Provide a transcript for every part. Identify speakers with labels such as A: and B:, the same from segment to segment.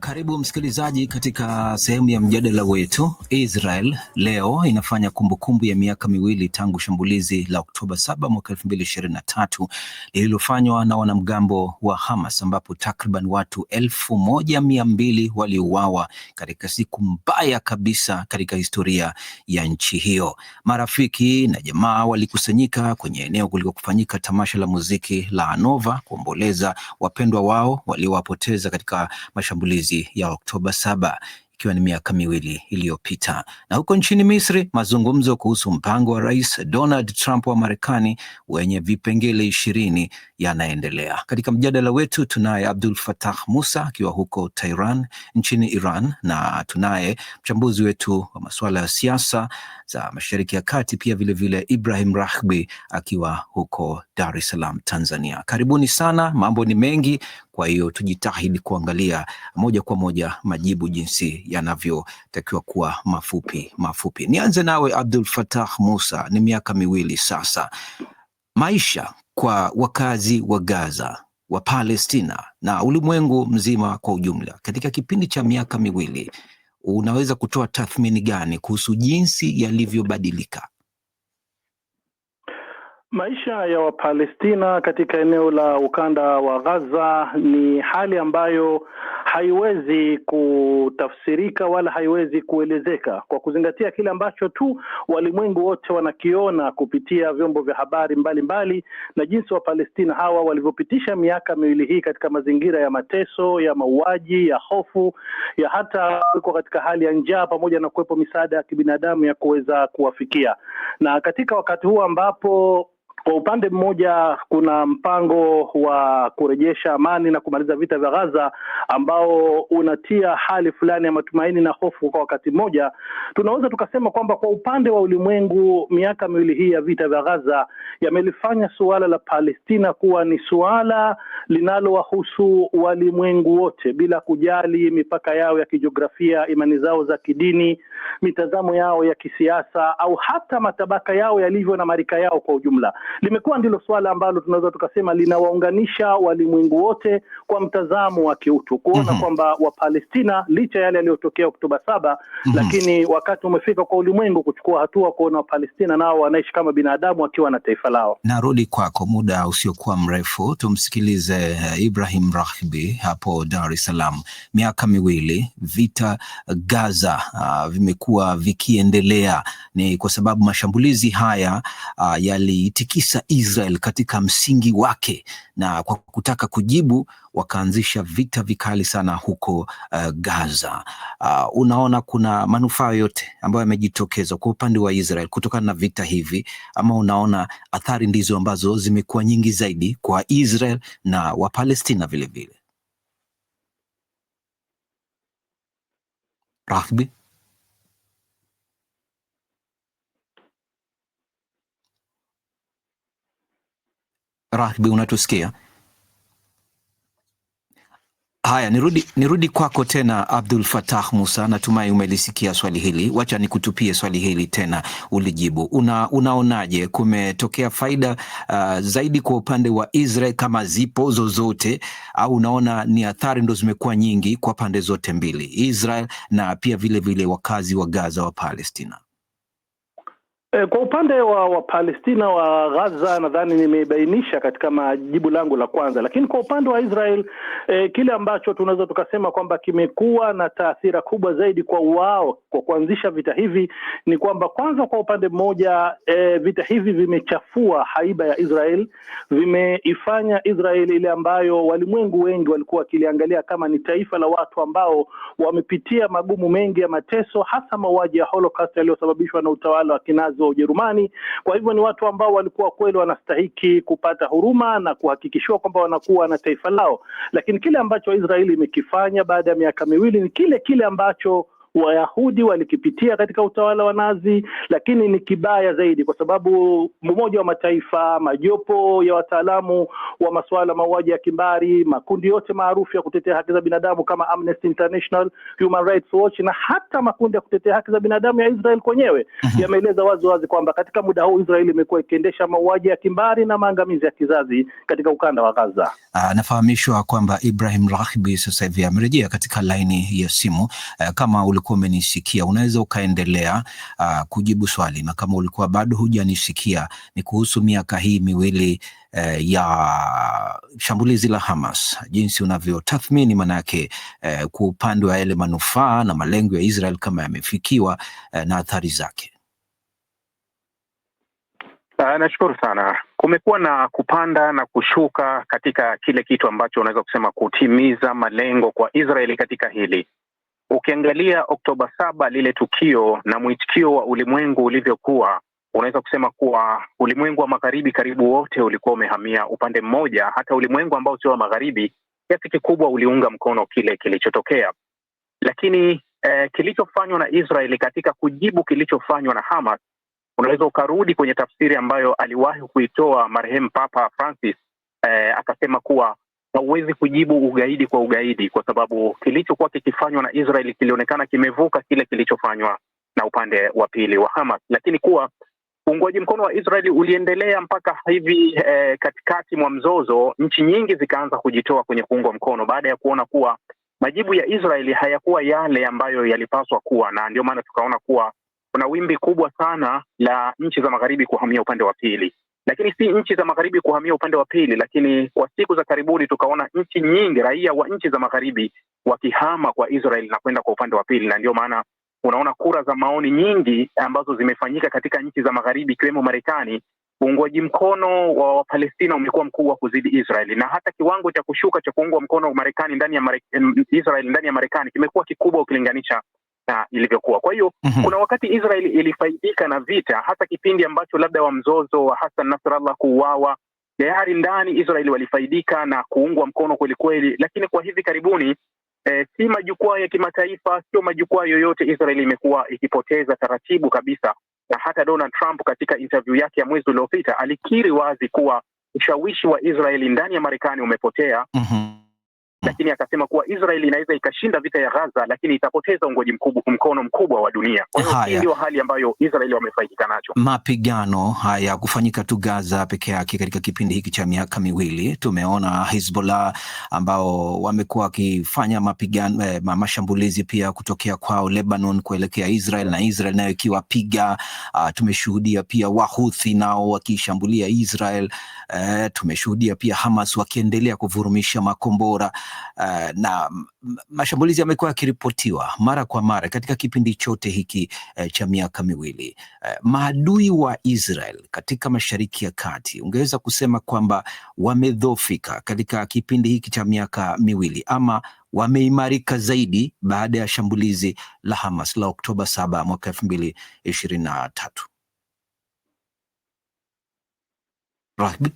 A: Karibu msikilizaji katika sehemu ya mjadala wetu. Israel leo inafanya kumbukumbu kumbu ya miaka miwili tangu shambulizi la Oktoba 7 mwaka 2023 lililofanywa na wanamgambo wa Hamas ambapo takriban watu elfu moja mia mbili waliuawa katika siku mbaya kabisa katika historia ya nchi hiyo. Marafiki na jamaa walikusanyika kwenye eneo kulikofanyika tamasha la muziki la Hanova kuomboleza wapendwa wao waliowapoteza katika mashambulizi maandalizi ya Oktoba saba ikiwa ni miaka miwili iliyopita. Na huko nchini Misri, mazungumzo kuhusu mpango wa Rais Donald Trump wa Marekani wenye vipengele ishirini yanaendelea. Katika mjadala wetu tunaye Abdul Fatah Musa akiwa huko Tehran nchini Iran, na tunaye mchambuzi wetu wa masuala ya siasa za Mashariki ya Kati pia vilevile vile Ibrahim Rahbi akiwa huko Dar es Salaam, Tanzania. Karibuni sana, mambo ni mengi, kwa hiyo tujitahidi kuangalia moja kwa moja majibu jinsi yanavyotakiwa kuwa mafupi mafupi. Nianze nawe Abdul Fatah Musa, ni miaka miwili sasa maisha kwa wakazi wa Gaza wa Palestina na ulimwengu mzima kwa ujumla. Katika kipindi cha miaka miwili, unaweza kutoa tathmini gani kuhusu jinsi yalivyobadilika
B: maisha ya Wapalestina katika eneo la ukanda wa Gaza? Ni hali ambayo haiwezi kutafsirika wala haiwezi kuelezeka kwa kuzingatia kile ambacho tu walimwengu wote wanakiona kupitia vyombo vya habari mbalimbali mbali, na jinsi Wapalestina hawa walivyopitisha miaka miwili hii katika mazingira ya mateso, ya mauaji, ya hofu, ya hata kuwekwa katika hali ya njaa, pamoja na kuwepo misaada ya kibinadamu ya kuweza kuwafikia. Na katika wakati huu ambapo kwa upande mmoja kuna mpango wa kurejesha amani na kumaliza vita vya Gaza ambao unatia hali fulani ya matumaini na hofu kwa wakati mmoja. Tunaweza tukasema kwamba kwa upande wa ulimwengu, miaka miwili hii ya vita vya Gaza yamelifanya suala la Palestina kuwa ni suala linalowahusu walimwengu wote bila kujali mipaka yao ya kijiografia, imani zao za kidini mitazamo yao ya kisiasa au hata matabaka yao yalivyo na marika yao kwa ujumla. Limekuwa ndilo suala ambalo tunaweza tukasema linawaunganisha walimwengu wote kwa mtazamo wa kiutu, kuona mm -hmm. kwamba Wapalestina licha yale yaliyotokea Oktoba saba mm -hmm. lakini wakati umefika kwa ulimwengu kuchukua hatua, kuona Wapalestina nao wanaishi kama binadamu wakiwa na taifa lao.
A: Narudi kwako muda usiokuwa mrefu, tumsikilize eh, Ibrahim Rahbi hapo Dar es Salaam. Miaka miwili vita Gaza uh, vime vimekuwa vikiendelea ni kwa sababu mashambulizi haya uh, ah, yaliitikisa Israel katika msingi wake, na kwa kutaka kujibu wakaanzisha vita vikali sana huko uh, Gaza. Uh, unaona kuna manufaa yote ambayo yamejitokeza kwa upande wa Israel kutokana na vita hivi, ama unaona athari ndizo ambazo zimekuwa nyingi zaidi kwa Israel na Wapalestina vilevile? Rahbi. Rahbi, unatusikia? Haya, nirudi, nirudi kwako tena Abdul Fatah Musa, natumai umelisikia swali hili. Wacha nikutupie swali hili tena ulijibu. Una, unaonaje kumetokea faida uh, zaidi kwa upande wa Israel kama zipo zozote, au unaona ni athari ndo zimekuwa nyingi kwa pande zote mbili, Israel na pia vilevile vile wakazi wa Gaza wa Palestina?
B: E, kwa upande wa Wapalestina wa Gaza nadhani nimebainisha katika majibu langu la kwanza, lakini kwa upande wa Israel e, kile ambacho tunaweza tukasema kwamba kimekuwa na taathira kubwa zaidi kwa wao kwa kuanzisha vita hivi ni kwamba kwanza, kwa upande mmoja e, vita hivi vimechafua haiba ya Israel, vimeifanya Israel ile ambayo walimwengu wengi walikuwa wakiliangalia kama ni taifa la watu ambao wamepitia magumu mengi ya mateso, hasa mauaji ya Holocaust yaliyosababishwa na utawala wa kinazi wa Ujerumani. Kwa hivyo ni watu ambao walikuwa kweli wanastahiki kupata huruma na kuhakikishiwa kwamba wanakuwa na taifa lao, lakini kile ambacho Israeli imekifanya baada ya miaka miwili ni kile kile ambacho Wayahudi walikipitia katika utawala wa Nazi, lakini ni kibaya zaidi, kwa sababu Umoja wa Mataifa, majopo ya wataalamu wa masuala mauaji ya kimbari, makundi yote maarufu ya kutetea haki za binadamu kama Amnesty International, Human Rights Watch na hata makundi ya kutetea haki za binadamu ya Israel kwenyewe mhm. yameeleza wazi wazi kwamba katika muda huu Israel imekuwa ikiendesha mauaji ya kimbari na maangamizi ya kizazi katika ukanda wa Gaza.
A: Anafahamishwa kwamba Ibrahim Rahbi sasa hivi amerejea katika laini ya simu eh, kama uli ulikuwa umenisikia, unaweza ukaendelea uh, kujibu swali, na kama ulikuwa bado hujanisikia, ni kuhusu miaka hii miwili uh, ya shambulizi la Hamas, jinsi unavyotathmini manake, uh, eh, kwa upande wa yale manufaa na malengo ya Israel kama yamefikiwa, uh, na athari zake.
C: Ah, nashukuru sana. Kumekuwa na kupanda na kushuka katika kile kitu ambacho unaweza kusema kutimiza malengo kwa Israeli katika hili. Ukiangalia Oktoba saba lile tukio na mwitikio wa ulimwengu ulivyokuwa, unaweza kusema kuwa ulimwengu wa magharibi karibu wote ulikuwa umehamia upande mmoja. Hata ulimwengu ambao sio wa magharibi kiasi kikubwa uliunga mkono kile kilichotokea, lakini eh, kilichofanywa na Israeli katika kujibu kilichofanywa na Hamas, unaweza ukarudi kwenye tafsiri ambayo aliwahi kuitoa marehemu Papa Francis. Eh, akasema kuwa hauwezi kujibu ugaidi kwa ugaidi, kwa sababu kilichokuwa kikifanywa na Israel kilionekana kimevuka kile kilichofanywa na upande wa pili wa Hamas, lakini kuwa uungwaji mkono wa Israeli uliendelea mpaka hivi eh, katikati mwa mzozo, nchi nyingi zikaanza kujitoa kwenye kuungwa mkono baada ya kuona kuwa majibu ya Israeli hayakuwa yale ambayo yalipaswa kuwa, na ndio maana tukaona kuwa kuna wimbi kubwa sana la nchi za magharibi kuhamia upande wa pili lakini si nchi za magharibi kuhamia upande wa pili. Lakini kwa siku za karibuni tukaona nchi nyingi, raia wa nchi za magharibi wakihama kwa Israel na kwenda kwa upande wa pili, na ndio maana unaona kura za maoni nyingi ambazo zimefanyika katika nchi za magharibi ikiwemo Marekani. Uungwaji mkono wa Wapalestina umekuwa mkubwa kuzidi Israeli, na hata kiwango cha kushuka cha kuungwa mkono Marekani ndani ya Israel ndani ya Marekani kimekuwa kikubwa ukilinganisha vita ilivyokuwa. Kwa hiyo mm -hmm. kuna wakati Israel ilifaidika na vita, hasa kipindi ambacho labda wa mzozo wa Hassan Nasrallah kuuawa tayari ndani Israel walifaidika na kuungwa mkono kwelikweli, lakini kwa hivi karibuni E, si majukwaa ya kimataifa, sio majukwaa yoyote. Israel imekuwa ikipoteza taratibu kabisa, na hata Donald Trump katika interview yake ya mwezi uliopita alikiri wazi kuwa ushawishi wa Israeli ndani ya Marekani umepotea. mm -hmm lakini akasema kuwa Israeli inaweza ikashinda vita ya Gaza, lakini itapoteza ungoji mkubwa, mkono mkubwa wa dunia. Kwa hiyo hii ndio hali ambayo Israeli wamefaidika nacho.
A: Mapigano haya kufanyika tu Gaza peke yake katika kipindi hiki cha miaka miwili, tumeona Hezbollah ambao wamekuwa wakifanya mapigano eh, mashambulizi pia kutokea kwao Lebanon kuelekea Israel na Israel nayo ikiwapiga. Uh, tumeshuhudia pia Wahuthi nao wakishambulia Israel. Uh, tumeshuhudia pia Hamas wakiendelea kuvurumisha makombora uh, na mashambulizi yamekuwa yakiripotiwa mara kwa mara katika kipindi chote hiki uh, cha miaka miwili uh, maadui wa Israel katika Mashariki ya Kati, ungeweza kusema kwamba wamedhofika katika kipindi hiki cha miaka miwili ama wameimarika zaidi baada ya shambulizi la Hamas la Oktoba saba mwaka elfu mbili ishirini na tatu. Rahbi,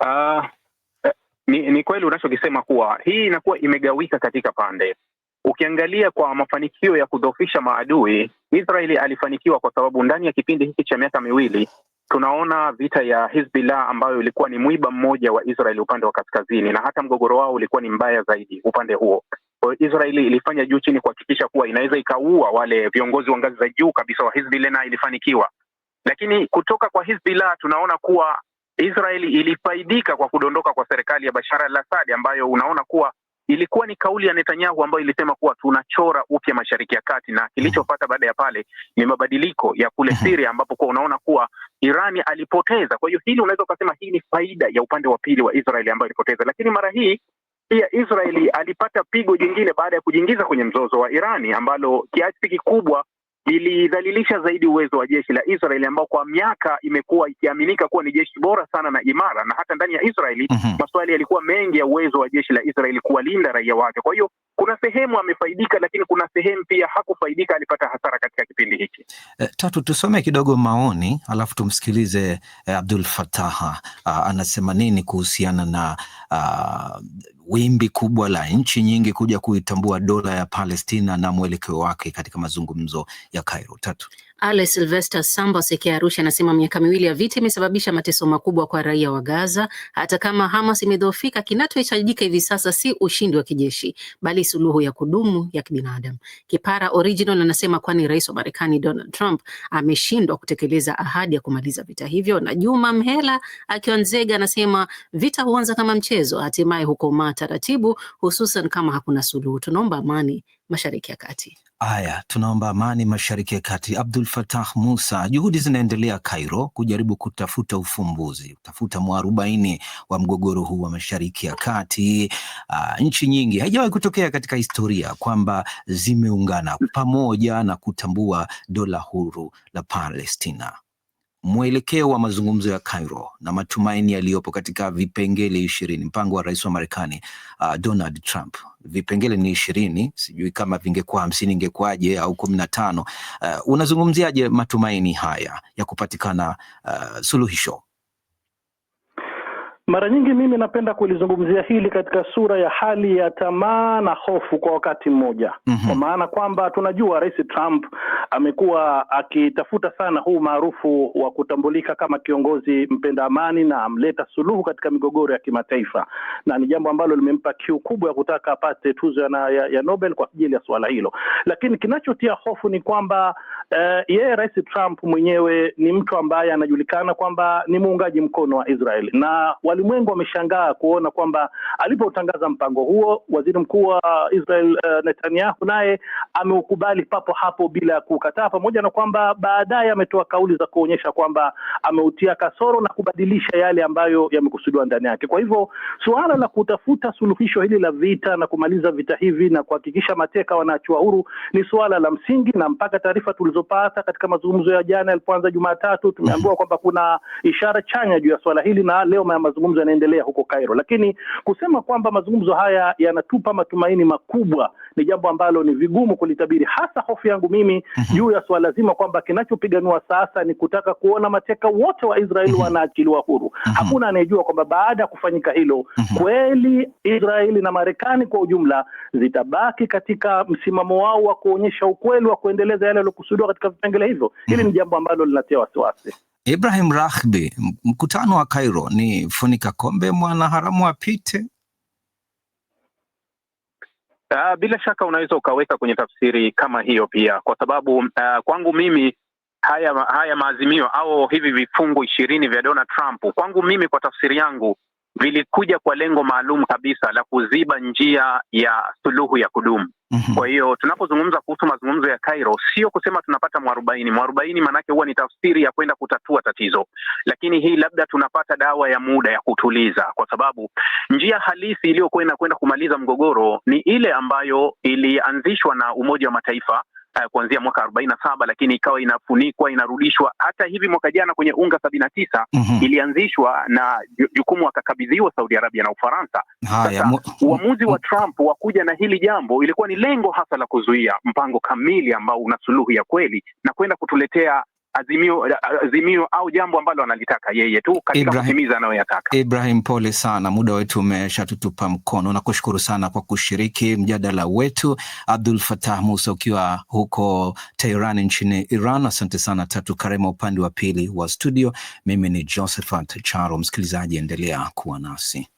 C: uh, ni, ni kweli unachokisema kuwa hii inakuwa imegawika katika pande. Ukiangalia kwa mafanikio ya kudhoofisha maadui, Israeli alifanikiwa kwa sababu ndani ya kipindi hiki cha miaka miwili tunaona vita ya Hizbillah ambayo ilikuwa ni mwiba mmoja wa Israeli upande wa kaskazini, na hata mgogoro wao ulikuwa ni mbaya zaidi upande huo. Kwa Israeli ilifanya juu chini kuhakikisha kuwa inaweza ikaua wale viongozi wa ngazi za juu kabisa wa Hizbillah na ilifanikiwa. Lakini kutoka kwa Hizbillah tunaona kuwa Israeli ilifaidika kwa kudondoka kwa serikali ya Bashar al-Assad, ambayo unaona kuwa ilikuwa ni kauli ya Netanyahu ambayo ilisema kuwa tunachora upya Mashariki ya Kati, na kilichofuata baada ya pale ni mabadiliko ya kule mhm. Syria, ambapo kwa unaona kuwa Irani alipoteza. Kwa hiyo hili unaweza ukasema hii ni faida ya upande wa pili wa Israeli ambayo ilipoteza, lakini mara hii pia Israeli alipata pigo jingine baada ya kujiingiza kwenye mzozo wa Irani ambalo kiasi kikubwa ilidhalilisha zaidi uwezo wa jeshi la Israeli ambao kwa miaka imekuwa ikiaminika kuwa ni jeshi bora sana na imara, na hata ndani ya Israeli mm -hmm. maswali yalikuwa mengi ya uwezo wa jeshi la Israeli kuwalinda raia wake. Kwa hiyo kuna sehemu amefaidika, lakini kuna sehemu pia hakufaidika, alipata hasara katika kipindi hiki.
A: E, eh, tatu tusome kidogo maoni alafu tumsikilize e, Abdul Fataha ah, anasema nini kuhusiana na a, ah, wimbi kubwa la nchi nyingi kuja kuitambua dola ya Palestina na mwelekeo wake katika mazungumzo ya Cairo. Tatu.
D: Ale Silvester Samba akiwa Arusha anasema miaka miwili ya vita imesababisha mateso makubwa kwa raia wa Gaza. Hata kama Hamas imedhoofika, kinachohitajika hivi sasa si ushindi wa kijeshi, bali suluhu ya kudumu ya kibinadamu. Kipara Original anasema kwani rais wa Marekani Donald Trump ameshindwa kutekeleza ahadi ya kumaliza vita hivyo. Na Juma Mhela akiwa Nzega anasema vita huanza kama mchezo, hatimaye hukomaa taratibu, hususan kama hakuna suluhu. Tunaomba amani Mashariki ya Kati.
A: Haya, tunaomba amani mashariki ya kati. Abdul Fatah Musa, juhudi zinaendelea Kairo kujaribu kutafuta ufumbuzi, kutafuta mwarubaini wa mgogoro huu wa mashariki ya kati. Uh, nchi nyingi haijawahi kutokea katika historia kwamba zimeungana pamoja na kutambua dola huru la Palestina mwelekeo wa mazungumzo ya Cairo na matumaini yaliyopo katika vipengele ishirini mpango wa rais wa Marekani uh, Donald Trump. Vipengele ni ishirini, sijui kama vingekuwa hamsini ingekuwaje au kumi na tano. Uh, unazungumziaje matumaini haya ya kupatikana uh, suluhisho?
B: Mara nyingi mimi napenda kulizungumzia hili katika sura ya hali ya tamaa na hofu kwa wakati mmoja, mm -hmm. Kwa maana kwamba tunajua Rais Trump amekuwa akitafuta sana huu maarufu wa kutambulika kama kiongozi mpenda amani na amleta suluhu katika migogoro ya kimataifa, na ni jambo ambalo limempa kiu kubwa ya kutaka apate tuzo ya, ya, ya Nobel kwa ajili ya suala hilo. Lakini kinachotia hofu ni kwamba uh, yeye Rais Trump mwenyewe ni mtu ambaye anajulikana kwamba ni muungaji mkono wa Israel na walimwengu wameshangaa kuona kwamba alipotangaza mpango huo waziri mkuu wa Israel uh, Netanyahu naye ameukubali papo hapo bila kukataa, pamoja na kwamba baadaye ametoa kauli za kuonyesha kwamba ameutia kasoro na kubadilisha yale ambayo yamekusudiwa ndani yake. Kwa hivyo suala la kutafuta suluhisho hili la vita na kumaliza vita hivi na kuhakikisha mateka wanaachiwa huru ni suala la msingi, na mpaka taarifa tulizopata katika mazungumzo ya jana yalipoanza Jumatatu, tumeambiwa kwamba kuna ishara chanya juu ya suala hili na leo mazungumzo mazungumzo yanaendelea huko Cairo, lakini kusema kwamba mazungumzo haya yanatupa matumaini makubwa ni jambo ambalo ni vigumu kulitabiri, hasa hofu yangu mimi mhm. juu ya swala zima kwamba kinachopiganiwa sasa ni kutaka kuona mateka wote wa Israeli mhm. wanaachiliwa huru. Mhm. Hakuna anayejua kwamba baada ya kufanyika hilo kweli Israeli na Marekani kwa ujumla zitabaki katika msimamo wao wa kuonyesha ukweli wa kuendeleza yale yaliyokusudiwa katika vipengele hivyo. Hili ni jambo ambalo linatia wasiwasi.
A: Ibrahim Rahbi, mkutano wa Cairo ni funika kombe mwanaharamu apite?
C: Uh, bila shaka unaweza ukaweka kwenye tafsiri kama hiyo pia, kwa sababu uh, kwangu mimi haya haya maazimio au hivi vifungu ishirini vya Donald Trump kwangu mimi, kwa tafsiri yangu vilikuja kwa lengo maalum kabisa la kuziba njia ya suluhu ya kudumu. Mm -hmm. Kwa hiyo tunapozungumza kuhusu mazungumzo ya Cairo, sio kusema tunapata mwarobaini. Mwarobaini maanake huwa ni tafsiri ya kwenda kutatua tatizo, lakini hii labda tunapata dawa ya muda ya kutuliza, kwa sababu njia halisi iliyokuwa inakwenda kumaliza mgogoro ni ile ambayo ilianzishwa na Umoja wa Mataifa uh, kuanzia mwaka arobaini na saba lakini ikawa inafunikwa inarudishwa. Hata hivi mwaka jana kwenye UNGA sabini na tisa mm -hmm. ilianzishwa na jukumu akakabidhiwa Saudi Arabia na Ufaransa. Sasa uamuzi wa Trump wa kuja na hili jambo ilikuwa ni lengo hasa la kuzuia mpango kamili ambao una suluhu ya kweli na kwenda kutuletea azimio, azimio au jambo ambalo analitaka yeye tu katika kutimiza anayoyataka.
A: Ibrahim, pole sana, muda wetu umeshatutupa mkono. Nakushukuru sana kwa kushiriki mjadala wetu. Abdul Fatah Musa, ukiwa huko Tehran nchini Iran, asante sana. Tatu Karema upande wa pili wa studio, mimi ni Josephat Charo. Msikilizaji, endelea kuwa nasi.